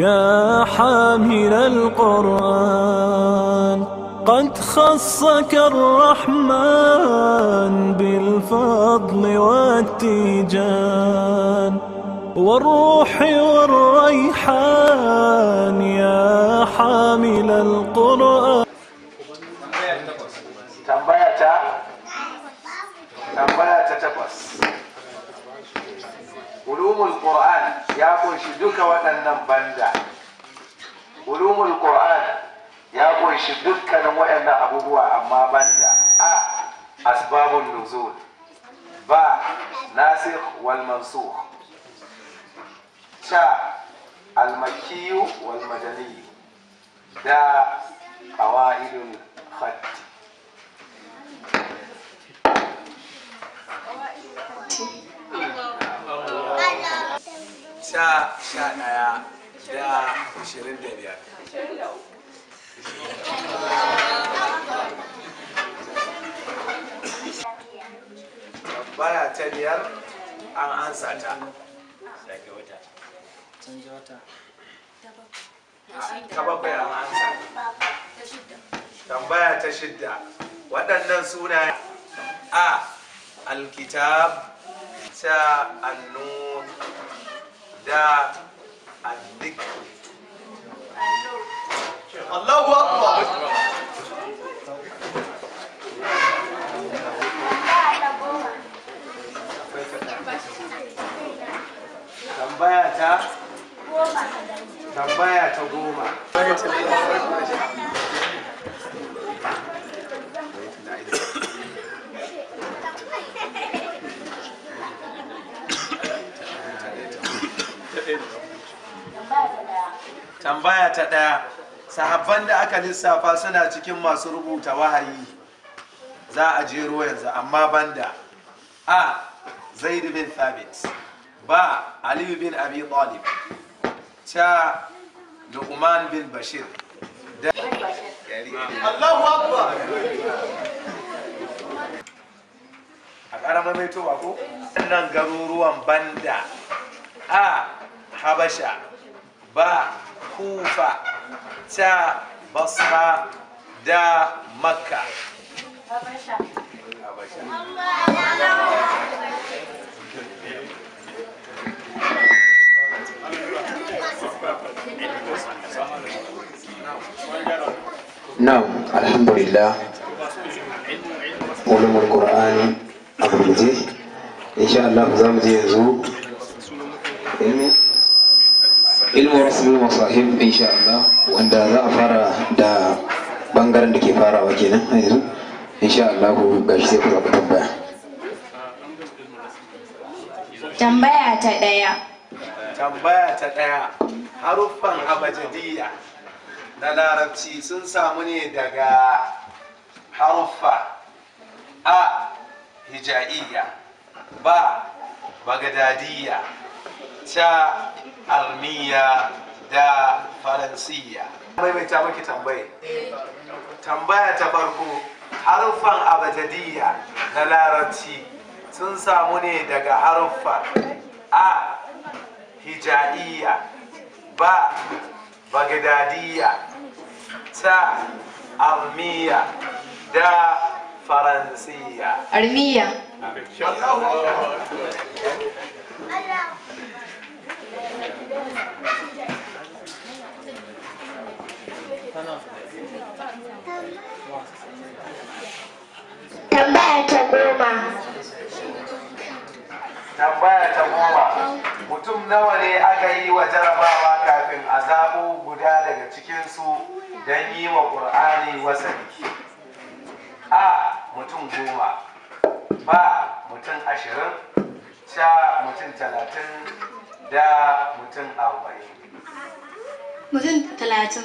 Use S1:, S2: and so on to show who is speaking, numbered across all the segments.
S1: يا حامل القرآن قد خصك الرحمن بالفضل والتيجان والروح والريحان يا حامل القرآن علوم القرآن يا كونش دوكا وأنم باندا علوم القرآن يا كونش دوكا وأنم أبوها أما باندا أ آه، أسباب النزول با ناسخ والمنسوخ شا المكي والمدني دا قواعد خطي sha sha ɗaya da ashirin da biyar tambaya ta biyar an ansa ta wata canji wata
S2: ah, ta bakwai an ansa
S1: tambaya ta shidda waɗannan suna a alkitab ta annur ده الذكر الله اكبر tambaya ta tambaya ta goma tambaya ta ɗaya sahabban da aka lissafa suna cikin masu rubuta wahayi za a jero yanzu amma banda a zaid bin thabit ba ali bin abi talib ta luqman bin bashir da Allahu a ƙaramar mai towa ko nan garuruwan banda a habasha ba كوفة تا بصرة دا مكة نعم الحمد لله علم القرآن أبو إن شاء الله زامدي يزوج ilmu rasul in insha Allah wanda za a fara da bangaren da ke farawa kenan a yanzu insha Allah gashi sai ku zaɓi tambaya tambaya ta ɗaya tambaya ta ɗaya haruffan abajadiyya na larabci sun samu ne daga haruffa a hija'iyya ba bagadadiyya ta armiya da faransiya maimaita maki tambaye tambaya ta farko harfan abajadiyya na larabci sun samu ne daga haruffan a hija'iyya ba bagdadiyya ta armiya da faransiya armiya Tambaya ta goma. Mutum nawa ne aka yi wa jarabawa kafin a zabo guda daga cikinsu don yi wa ƙur'ani wasani. A mutum goma. Ba mutum ashirin. Sha mutum talatin da mutum talatin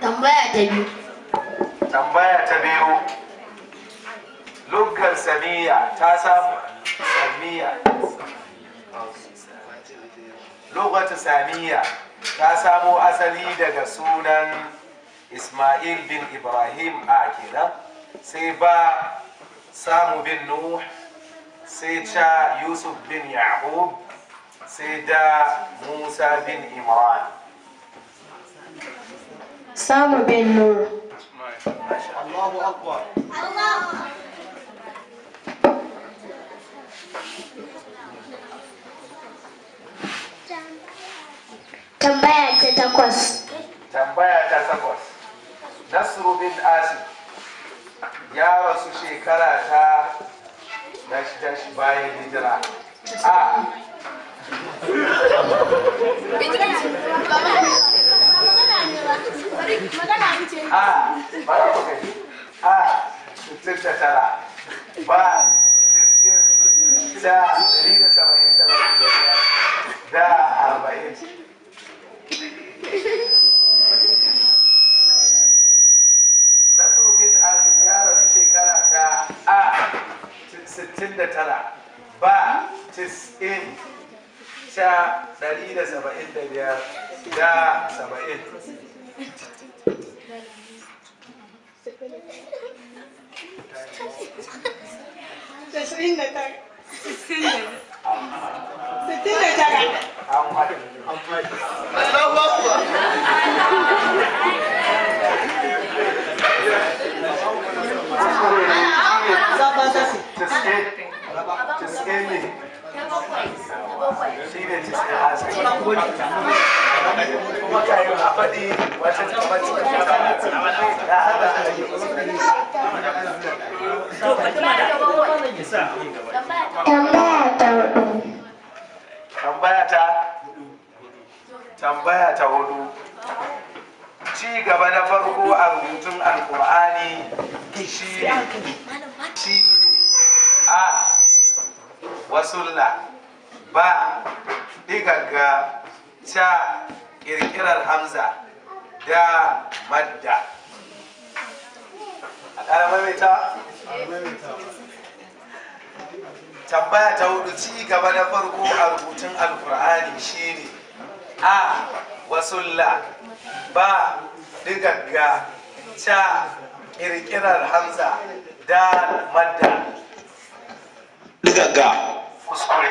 S1: tambaya ta biyu tambaya ta biyu samiya ta samu samiya lokacin samiya ta samo asali daga sunan ismail bin ibrahim a kenan sai ba samu bin nuh sai ca yusuf bin yaqub sai da musa bin imran samu bin nuh Allahu akbar Allahu akbar takwas tambaya ta takwas Nasiru bin asim ya rasu shekara ta dashi dashi bayan hijira a a ba ba da 170 dalila saba'in da biyar da saba'in Just end it. Just end it. Just end it. kuma ka tambaya ta hudu tambaya ta tambaya ta hudu ci gaba na farko a rubutun alkur'ani shi ne a wasulla ba sai kaga ta kirkirar hamza da madda a ƙara maimaita tambaya ta hudu ci gaba na farko a rubutun alkur'ani shine a wasulla ba digagga ta kirkirar hamza da madda digagga kuskure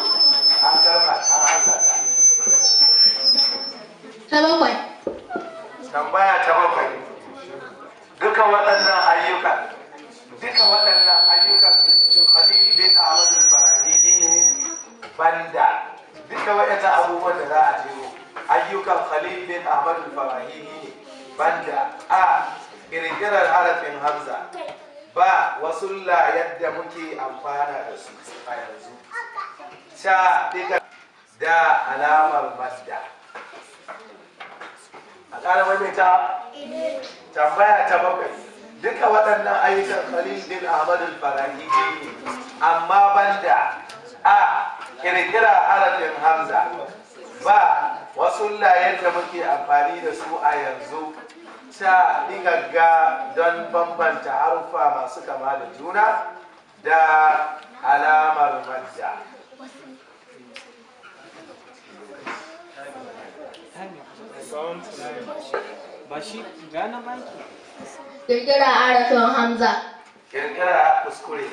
S1: ta tambaya ta bakwai duka waɗannan ayyukan duka waɗannan ayyukan khalil bin ahmad al-farahidi ne banda duka waɗannan abubuwan da za a jiro ayyukan khalil bin ahmad al-farahidi ne banda a kirkirar harafin hamza ba wasu la yadda muke amfana da su a yanzu sha da alamar madda wani ta tambaya ta bakwai duka waɗannan ayyukan khalil bin ahmad al-farahidi ne amma banda a kirkira harafin hamza ba wasu layen da muke amfani da su a yanzu ta gagga don bambanta harufa masu kama da juna da alamar madda Kirkira araton Hamza. kuskure.